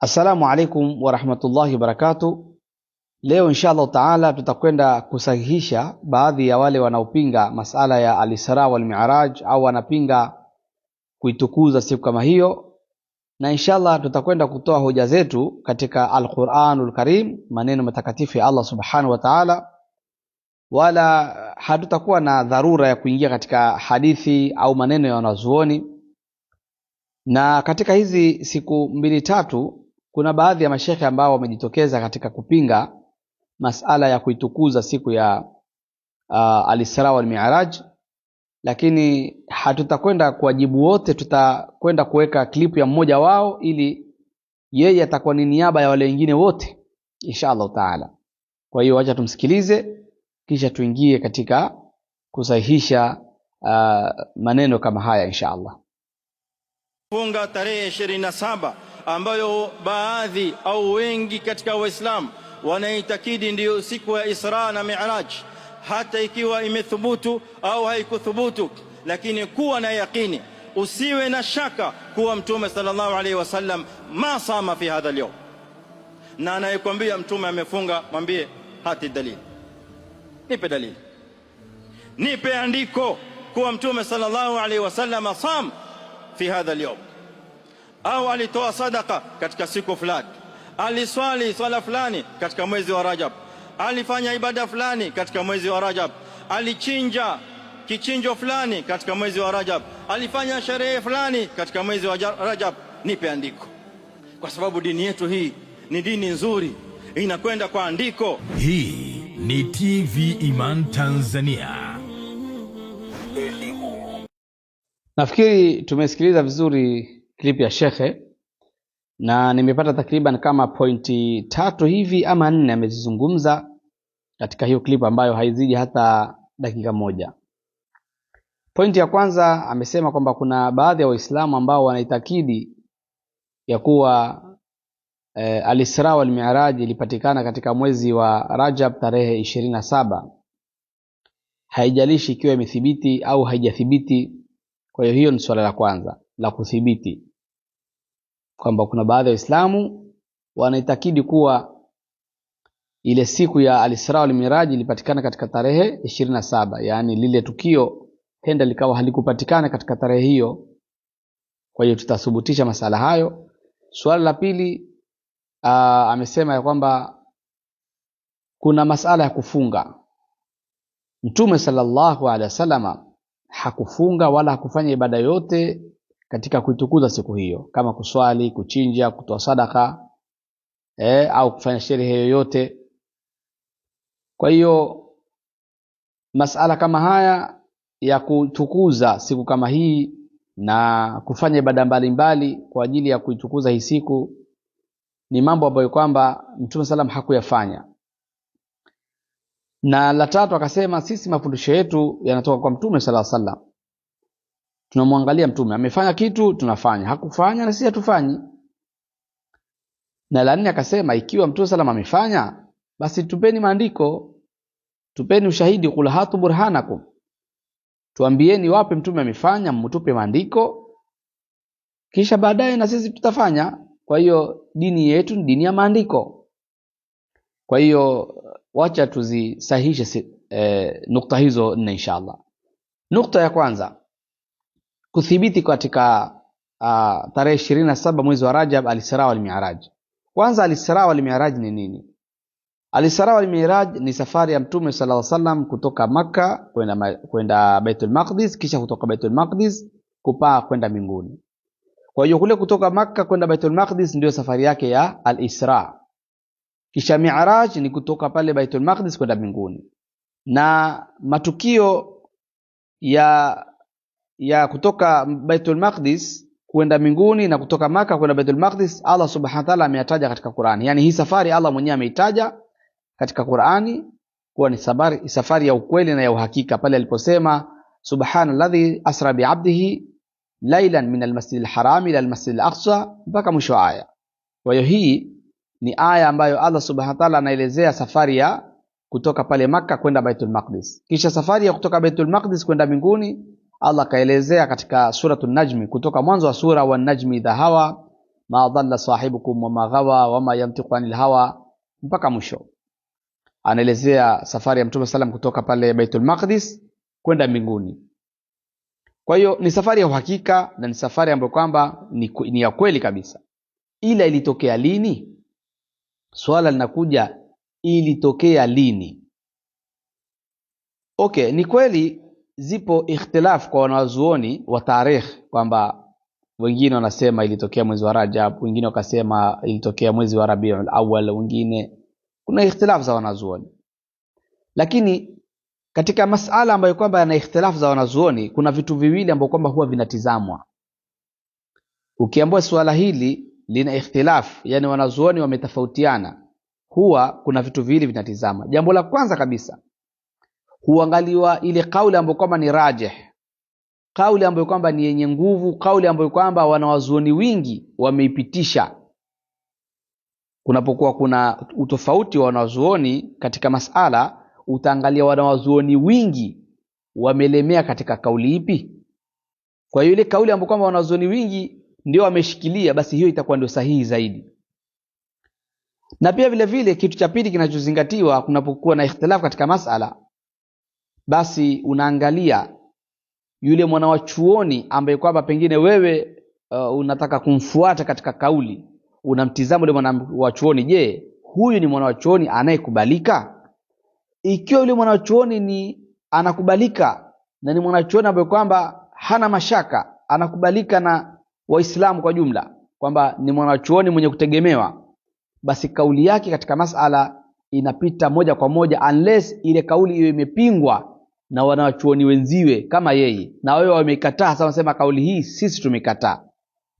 Assalamu alaikum warahmatullahi wabarakatu Leo insha allahu taala tutakwenda kusahihisha baadhi ya wale wanaopinga masala ya alisra wal au wanapinga kuitukuza siku kama hiyo, na inshallah tutakwenda kutoa hoja zetu katika alquranul karim, maneno matakatifu ya Allah subhanahu wa taala, wala hatutakuwa na dharura ya kuingia katika hadithi au maneno ya wanazuoni na katika hizi siku mbili tatu kuna baadhi ya mashehe ambao wamejitokeza katika kupinga masala ya kuitukuza siku ya uh, al-Isra wal Mi'raj, lakini hatutakwenda kuwajibu wote, tutakwenda kuweka klipu ya mmoja wao ili yeye atakuwa ni niaba ya wale wengine wote insha taala. Kwa hiyo wacha tumsikilize, kisha tuingie katika kusahihisha uh, maneno kama haya insha Allah. Funga tarehe ishirini na saba ambayo baadhi au wengi katika Waislamu wanaitakidi ndiyo siku ya Isra na Mi'raj, hata ikiwa imethubutu au haikuthubutu, lakini kuwa na yaqini, usiwe na shaka kuwa Mtume sallallahu alaihi wasallam ma sama fi hadha al Na anayekwambia Mtume amefunga, mwambie hati dalili, nipe dalili, nipe andiko kuwa Mtume sallallahu alaihi wasallam sam fi hadha al au alitoa sadaka katika siku fulani, aliswali swala fulani katika mwezi wa Rajab, alifanya ibada fulani katika mwezi wa Rajab, alichinja kichinjo fulani katika mwezi wa Rajab, alifanya sherehe fulani katika mwezi wa Rajab. Nipe andiko, kwa sababu dini yetu hii ni dini nzuri, inakwenda kwa andiko. Hii ni TV Iman Tanzania. Nafikiri tumesikiliza vizuri clip ya Shekhe eh? na nimepata takriban kama pointi tatu hivi ama nne amezizungumza katika hiyo clip ambayo haizidi hata dakika moja. Pointi ya kwanza amesema kwamba kuna baadhi ya Waislamu ambao wanaitakidi ya kuwa e, Al-Isra wal Mi'raj ilipatikana katika mwezi wa Rajab tarehe ishirini na saba, haijalishi ikiwa imethibiti au haijathibiti. Kwa hiyo hiyo ni suala la kwanza la kuthibiti kwamba kuna baadhi ya Waislamu wanaitakidi kuwa ile siku ya Al-Isra wal Miraj ilipatikana katika tarehe ishirini na saba, yaani lile tukio henda likawa halikupatikana katika tarehe hiyo. Kwa hiyo tutathubutisha masala hayo. Suala la pili, aa, amesema ya kwamba kuna masala ya kufunga. Mtume sallallahu alaihi wasallam hakufunga wala hakufanya ibada yote katika kuitukuza siku hiyo kama kuswali kuchinja kutoa sadaka eh, au kufanya sherehe yoyote kwa hiyo masala kama haya ya kutukuza siku kama hii na kufanya ibada mbalimbali kwa ajili ya kuitukuza hii siku ni mambo ambayo kwamba mtume salam hakuyafanya na la tatu akasema sisi mafundisho yetu yanatoka kwa mtume sala salam tunamwangalia mtume amefanya kitu tunafanya hakufanya na sisi hatufanyi na la nne akasema ikiwa mtume salama amefanya basi tupeni maandiko tupeni ushahidi kula hatu burhanakum tuambieni wape mtume amefanya mtupe maandiko kisha baadaye na sisi tutafanya kwa hiyo dini yetu ni dini ya maandiko kwa hiyo wacha tuzisahishe eh, nukta hizo nne inshallah nukta ya kwanza kuthibiti katika uh, tarehe ishirini na saba mwezi wa Rajab Alisra wal Miraj. Kwanza Alisra wal Miraj ni nini? Alisra wal Miraj ni safari ya Mtume sallallahu alaihi wasallam kutoka Makka kwenda kwenda Baitul Maqdis, kisha kutoka Baitul Maqdis kupaa kwenda mbinguni. Kwa hiyo kule kutoka Makka kwenda Baitul Maqdis ndio safari yake ya Al-Isra. Kisha Mi'raj ni kutoka pale Baitul Maqdis kwenda mbinguni. Na matukio ya ya kutoka Baitul Maqdis kwenda mbinguni na kutoka Maka kwenda Baitul Maqdis Allah Subhanahu wa Ta'ala ameyataja katika Qur'ani. Yaani hii safari Allah mwenyewe ameitaja katika Qur'ani kuwa ni safari, safari ya ukweli na ya uhakika pale aliposema subhana alladhi asra bi abdihi lailan min almasjidil haram ila almasjidil aqsa mpaka mwisho wa aya. Kwa hiyo hii ni aya ambayo Allah Subhanahu wa Ta'ala anaelezea safari ya kutoka pale Makka kwenda Baitul Maqdis, kisha safari ya kutoka Baitul Maqdis kwenda mbinguni Allah akaelezea katika suratu Najmi, kutoka mwanzo wa sura wa Najmi idha hawa ma dhalla sahibukum wa maghawa ghawa wa ma anil hawa mpaka mwisho. Anaelezea safari ya Mtume salam kutoka pale Baitul Maqdis kwenda mbinguni. Kwa hiyo ni safari ya uhakika na ni safari ambayo kwamba ni, ni ya kweli kabisa, ila ilitokea lini? Swala linakuja ilitokea lini? Okay, ni kweli zipo ikhtilaf kwa wanazuoni wa tarikh kwamba wengine wanasema ilitokea mwezi wa Rajab, wengine wakasema ilitokea mwezi wa Rabiul awal wengine kuna ikhtilaf za wanazuoni. Lakini katika masala ambayo kwamba yana ikhtilaf za wanazuoni, kuna vitu viwili ambayo kwamba huwa vinatizamwa. ukiambua suala hili lina ikhtilaf, yani wanazuoni wametofautiana, huwa kuna vitu viwili vinatizama. Jambo la kwanza kabisa huangaliwa ile kauli ambayo kwamba ni rajih, kauli ambayo kwamba ni yenye nguvu, kauli ambayo kwamba wanawazuoni wingi wameipitisha kunapokuwa kuna utofauti wa wanawazuoni katika masala, utaangalia wanawazuoni wingi wamelemea katika kauli ipi. Kwa hiyo ile kauli ambayo kwamba wanawazuoni wingi ndio wameshikilia, basi hiyo itakuwa ndio sahihi zaidi. Na pia vile vile, kitu cha pili kinachozingatiwa kunapokuwa na ikhtilafu katika masala basi unaangalia yule mwana wa chuoni ambaye kwamba pengine wewe uh, unataka kumfuata katika kauli unamtizama yule mwana wa chuoni je huyu ni mwana wa chuoni anayekubalika ikiwa yule mwana wa chuoni ni anakubalika na ni mwana chuoni ambaye kwamba hana mashaka anakubalika na waislamu kwa jumla kwamba ni chuoni mwenye kutegemewa basi kauli yake katika masala inapita moja kwa moja unless ile kauli iwe imepingwa na wanawachuoni wenziwe kama yeye, na wao wamekataa. Sasa wanasema kauli hii sisi tumekataa,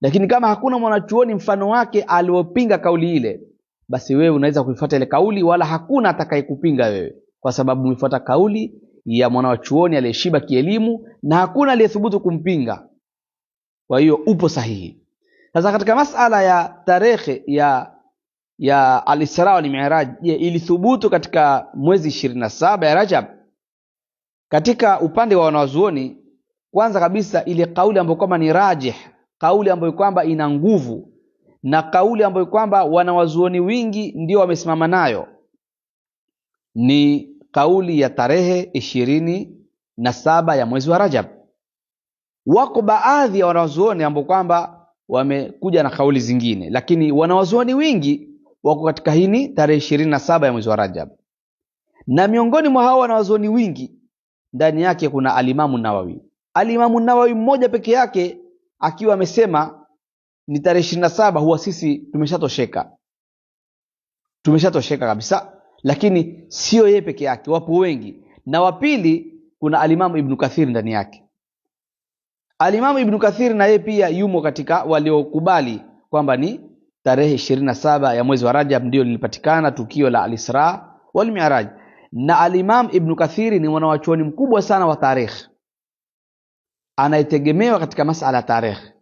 lakini kama hakuna mwanachuoni mfano wake aliopinga kauli ile, basi wewe unaweza kuifuata ile kauli, wala hakuna atakayekupinga wewe, kwa sababu umefuata kauli ya mwanachuoni aliyeshiba kielimu na hakuna aliyethubutu kumpinga. Kwa hiyo upo sahihi. Sasa katika masala ya tarehe ya ya alisra isra Mi'raj, je, ilithubutu katika mwezi 27 ya Rajab? Katika upande wa wanawazuoni kwanza kabisa ile kauli ambayo kwamba ni rajih, kauli ambayo kwamba ina nguvu na kauli ambayo kwamba wanawazuoni wingi ndio wamesimama nayo ni kauli ya tarehe ishirini na saba ya mwezi wa Rajab. Wako baadhi ya wanawazuoni ambao kwamba wamekuja na kauli zingine, lakini wanawazuoni wingi wako katika hini tarehe ishirini na saba ya mwezi wa Rajab, na miongoni mwa hao wanawazuoni wingi ndani yake kuna alimamu Nawawi. Alimamu Nawawi mmoja peke yake akiwa amesema ni tarehe ishirini na saba, huwa sisi tumeshatosheka, tumeshatosheka kabisa. Lakini sio yeye peke yake, wapo wengi, na wa pili kuna alimamu Ibnu Kathiri ndani yake. Alimamu Ibnu Kathiri na yeye pia yumo katika waliokubali kwamba ni tarehe ishirini na saba ya mwezi wa Rajab ndio lilipatikana tukio la Alisra wal Miraj na Alimam Ibnu Kathiri ni mwanawachuoni mkubwa sana wa tarikhi, anayetegemewa katika masala ya tarikhi.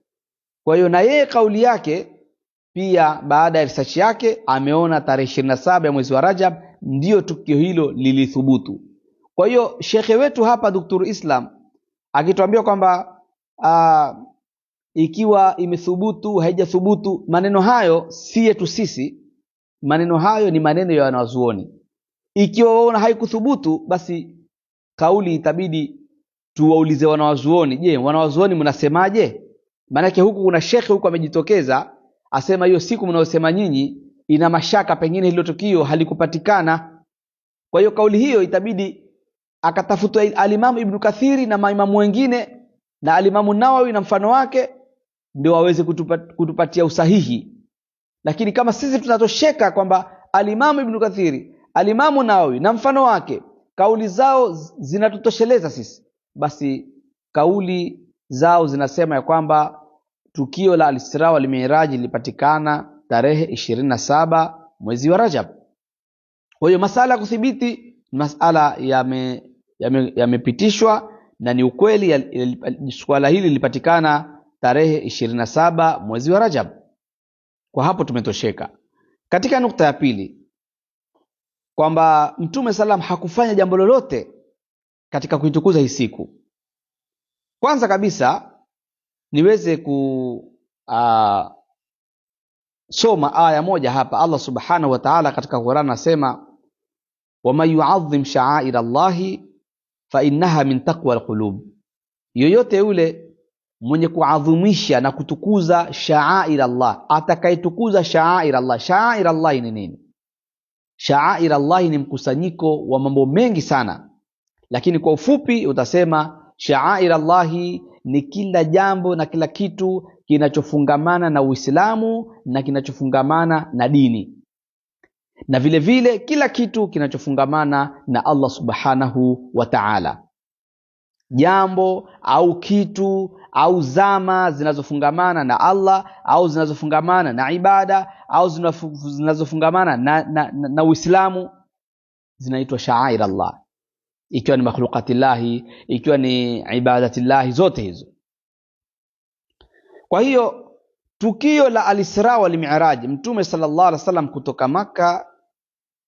Kwa hiyo na yeye kauli yake pia, baada ya research yake, ameona tarehe ishirini na saba ya mwezi wa Rajab ndiyo tukio hilo lilithubutu. Kwa hiyo shekhe wetu hapa Dr. Islam akituambia kwamba uh, ikiwa imethubutu haijathubutu, maneno hayo si yetu sisi, maneno hayo ni maneno ya wanawazuoni ikiwa waona haikuthubutu, basi kauli itabidi tuwaulize wanawazuoni. Je, wanawazuoni mnasemaje? Maanake huku kuna shekhe huku amejitokeza asema hiyo siku mnayosema nyinyi ina mashaka, pengine hilo tukio halikupatikana. Kwa hiyo kauli hiyo itabidi akatafutwa alimamu Ibnu Kathiri na maimamu wengine na alimamu Nawawi na mfano wake, ndio waweze kutupat, kutupatia usahihi. Lakini kama sisi tunatosheka kwamba alimamu Ibnu Kathiri Alimamu Nawawi na mfano wake, kauli zao zinatutosheleza sisi. Basi kauli zao zinasema ya kwamba tukio la Al-Isra wal Miraj lilipatikana tarehe ishirini na saba mwezi wa Rajab. Kwa hiyo masala ya kuthibiti ni masala yamepitishwa, yame, yame na ni ukweli ya, suala hili lilipatikana tarehe ishirini na saba mwezi wa Rajab. Kwa hapo tumetosheka. Katika nukta ya pili kwamba mtume salam hakufanya jambo lolote katika kuitukuza hii siku. Kwanza kabisa niweze kusoma aya moja hapa. Allah subhanahu wa ta'ala katika Qur'an anasema, waman yu'adhim sha'air Allahi fa innaha min taqwa alqulub, yoyote yule mwenye kuadhimisha na kutukuza sha'air Allah, atakayetukuza sha'air Allah. Sha'air Allah ni nini? Shaair Allahi ni mkusanyiko wa mambo mengi sana, lakini kwa ufupi utasema shaair Allahi ni kila jambo na kila kitu kinachofungamana na Uislamu na kinachofungamana na dini na vile vile kila kitu kinachofungamana na Allah subhanahu wa ta'ala, jambo au kitu au zama zinazofungamana na Allah au zinazofungamana na ibada au zinazofungamana na, na, na, na Uislamu zinaitwa shaair Allah, ikiwa ni makhluqatillahi, ikiwa ni ibadatillahi, zote hizo. Kwa hiyo tukio la Al-Isra wal Mi'raj, Mtume sallallahu alaihi wasallam kutoka Maka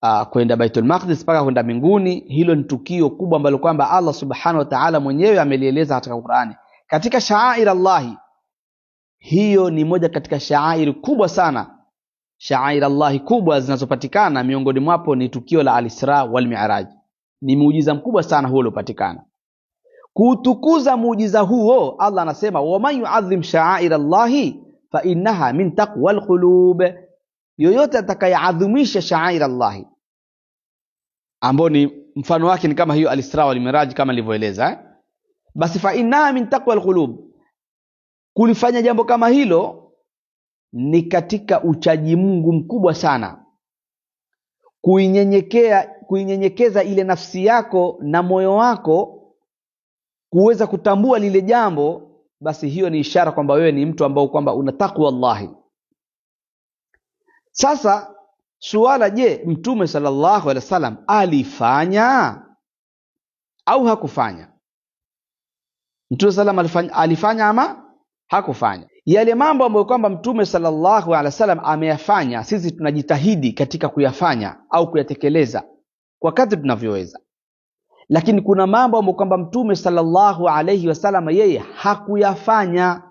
uh, ah, kwenda Baitul Maqdis mpaka kwenda mbinguni, hilo ni tukio kubwa ambalo kwamba Allah subhanahu wa ta'ala mwenyewe amelieleza katika Qur'ani katika shaair Allahi, hiyo ni moja katika shaairi kubwa sana, shaair Allahi kubwa zinazopatikana miongoni mwapo ni tukio la Al-Isra wal Mi'raj. Ni muujiza mkubwa sana huo uliopatikana. Kuutukuza muujiza huo, Allah anasema waman yuadhim shaair Allahi fa innaha min taqwa alqulub, yoyote atakayeadhimisha shaair Allahi ambao ni mfano wake ni kama hiyo Al-Isra wal Mi'raj kama nilivyoeleza eh? basi fa innaha min taqwa alqulub, kulifanya jambo kama hilo ni katika uchaji Mungu mkubwa sana, kuinyenyekea kuinyenyekeza ile nafsi yako na moyo wako kuweza kutambua lile jambo, basi hiyo ni ishara kwamba wewe ni mtu ambao kwamba una takwa Allahi. Sasa suala, je, Mtume sallallahu alaihi wasallam alifanya au hakufanya? Mtume sallam alifanya, alifanya ama hakufanya yale mambo ambayo kwamba Mtume sallallahu alaihi wasallam ameyafanya, sisi tunajitahidi katika kuyafanya au kuyatekeleza kwa kadri tunavyoweza, lakini kuna mambo ambayo kwamba Mtume sallallahu alaihi wasallam yeye hakuyafanya.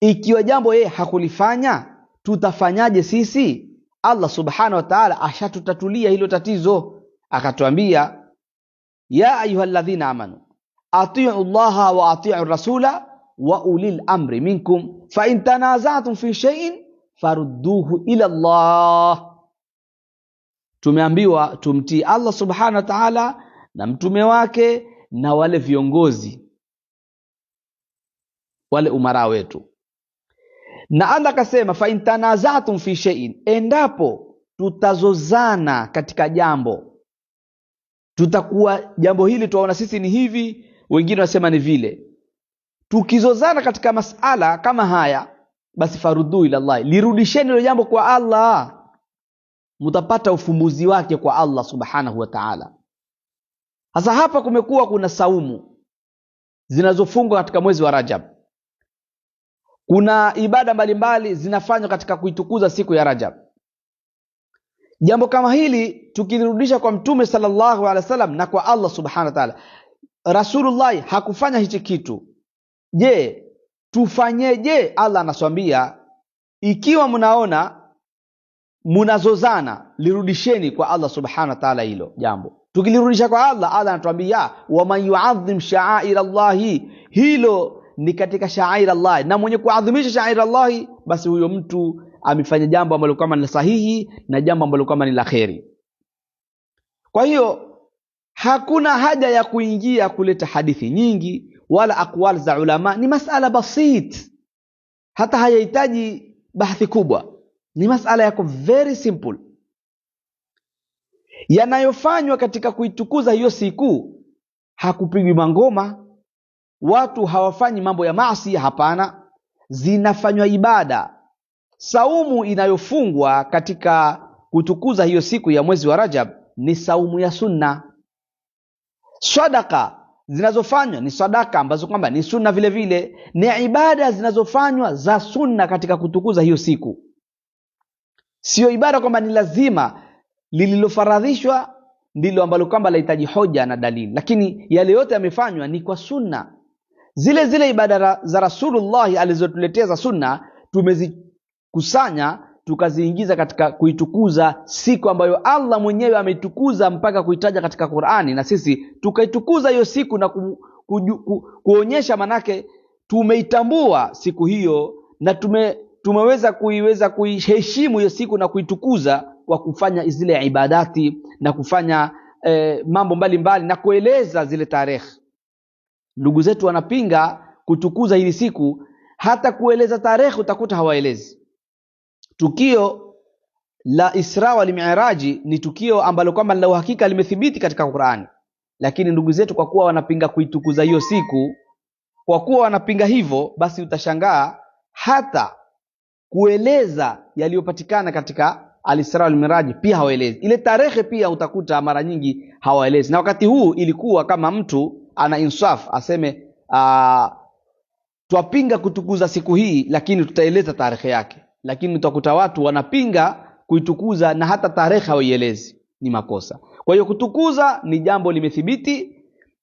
Ikiwa jambo yeye hakulifanya, tutafanyaje sisi? Allah subhanahu wa ta'ala ashatutatulia hilo tatizo, akatuambia ya ayuha alladhina amanu atiu llaha wa atiu rasula wa ulil amri minkum fa in tanazatum fi shay'in farudduhu ila Allah. Tumeambiwa tumtii Allah subhanahu wa ta'ala na mtume wake na wale viongozi wale umara wetu. Na Allah akasema, fa in tanazatum fi shay'in, endapo tutazozana katika jambo, tutakuwa jambo hili tuwaona sisi ni hivi wengine wasema ni vile. Tukizozana katika masala kama haya, basi farudhu ila Allah, lirudisheni hilo jambo kwa Allah, mutapata ufumbuzi wake kwa Allah subhanahu wa ta'ala. Sasa hapa kumekuwa kuna saumu zinazofungwa katika mwezi wa Rajab, kuna ibada mbalimbali zinafanywa katika kuitukuza siku ya Rajab. Jambo kama hili tukilirudisha kwa Mtume sallallahu alaihi wasallam na kwa Allah subhanahu wa ta'ala, Rasulullah hakufanya hichi kitu, je tufanyeje? Allah anaswambia ikiwa mnaona munazozana lirudisheni kwa Allah subhanahu wa ta'ala hilo jambo. Tukilirudisha kwa Allah, Allah anatuambia waman yuadhim sha'air llahi, hilo ni katika shaair llahi, na mwenye kuadhimisha shaair llahi, basi huyo mtu amefanya jambo ambalo kama ni sahihi na jambo ambalo kama ni la kheri. Kwa hiyo Hakuna haja ya kuingia kuleta hadithi nyingi wala akwal za ulama. Ni masala basit, hata hayahitaji bahathi kubwa, ni masala yako very simple. Yanayofanywa katika kuitukuza hiyo siku, hakupigwi mangoma, watu hawafanyi mambo ya maasi, hapana, zinafanywa ibada. Saumu inayofungwa katika kutukuza hiyo siku ya mwezi wa Rajab ni saumu ya sunna Swadaka zinazofanywa ni sadaka ambazo kwamba ni sunna vile vile, ni ibada zinazofanywa za sunna katika kutukuza hiyo siku, siyo ibada kwamba ni lazima. Lililofaradhishwa ndilo ambalo kwamba lahitaji hoja na dalili, lakini yale yote yamefanywa ni kwa sunna. Zile zile ibada za Rasulullahi alizotuletea za sunna tumezikusanya tukaziingiza katika kuitukuza siku ambayo allah mwenyewe ameitukuza mpaka kuitaja katika qurani na sisi tukaitukuza hiyo siku na ku, ku, ku, kuonyesha manake tumeitambua siku hiyo na tume, tumeweza kuiweza kuiheshimu hiyo siku na kuitukuza kwa kufanya zile ibadati na kufanya eh, mambo mbalimbali mbali, na kueleza zile tarehe ndugu zetu wanapinga kutukuza hili siku hata kueleza tarehe utakuta hawaelezi Tukio la Isra wal ni tukio ambalo kwamba la uhakika limethibiti katika Qur'ani, lakini ndugu zetu kwa kuwa wanapinga kuitukuza hiyo siku, kwa kuwa wanapinga hivyo, basi utashangaa hata kueleza yaliyopatikana katika Al-Isra wal pia hawaelezi. Ile tarehe pia utakuta mara nyingi hawaelezi, na wakati huu ilikuwa kama mtu ana insaf aseme, ah, twapinga kutukuza siku hii, lakini tutaeleza tarehe yake lakini utakuta watu wanapinga kuitukuza na hata tarehe hawaielezi ni makosa kwa hiyo kutukuza ni jambo limethibiti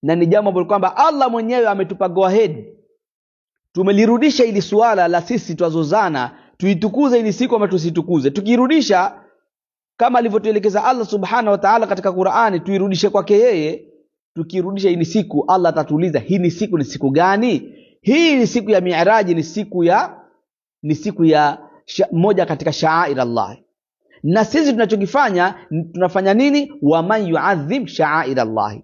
na ni jambo ambalo kwamba allah mwenyewe ametupa go ahead, tumelirudisha ili suala la sisi twazozana tuitukuze ili siku ama tusitukuze tukirudisha kama alivyotuelekeza allah subhanahu ta'ala katika qurani tuirudishe kwake yeye tukirudisha ili siku allah atatuuliza hii ni siku ni siku gani hii ni siku ya miraji ni siku ya ni siku ya moja katika shaair Allah. Na sisi tunachokifanya tunafanya nini? Waman yuadhim shaair Allah,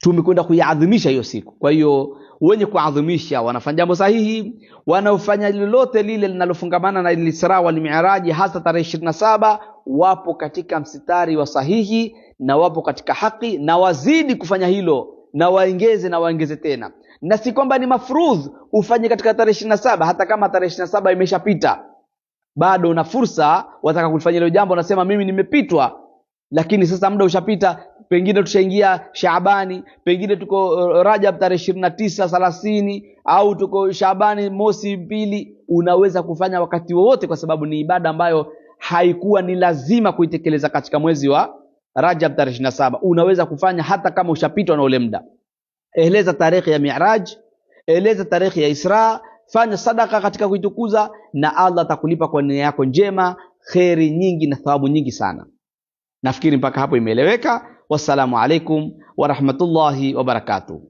tumekwenda kuiadhimisha hiyo siku. Kwa hiyo wenye kuadhimisha wanafanya jambo sahihi, wanaofanya lolote lile linalofungamana na Isra wal Mi'raj, hasa tarehe ishirini na saba, wapo katika msitari wa sahihi na wapo katika haki, na wazidi kufanya hilo na waengeze na waengeze tena na si kwamba ni mafruz ufanye katika tarehe ishirini na saba hata kama tarehe ishirini na saba imeshapita bado una fursa wataka kulifanya hilo jambo nasema mimi nimepitwa lakini sasa muda ushapita pengine tushaingia shaabani pengine tuko uh, rajab tarehe ishirini na tisa thelathini au tuko shaabani mosi mbili unaweza kufanya wakati wowote kwa sababu ni ibada ambayo haikuwa ni lazima kuitekeleza katika mwezi wa rajab tarehe ishirini na saba unaweza kufanya hata kama ushapitwa na ule muda eleza tarehe ya Miraj, eleza tarehe ya Isra, fanya sadaka katika kuitukuza, na Allah atakulipa kwa nia yako njema kheri nyingi na thawabu nyingi sana. Nafikiri mpaka hapo imeeleweka. Wassalamu alaikum warahmatullahi wabarakatuh.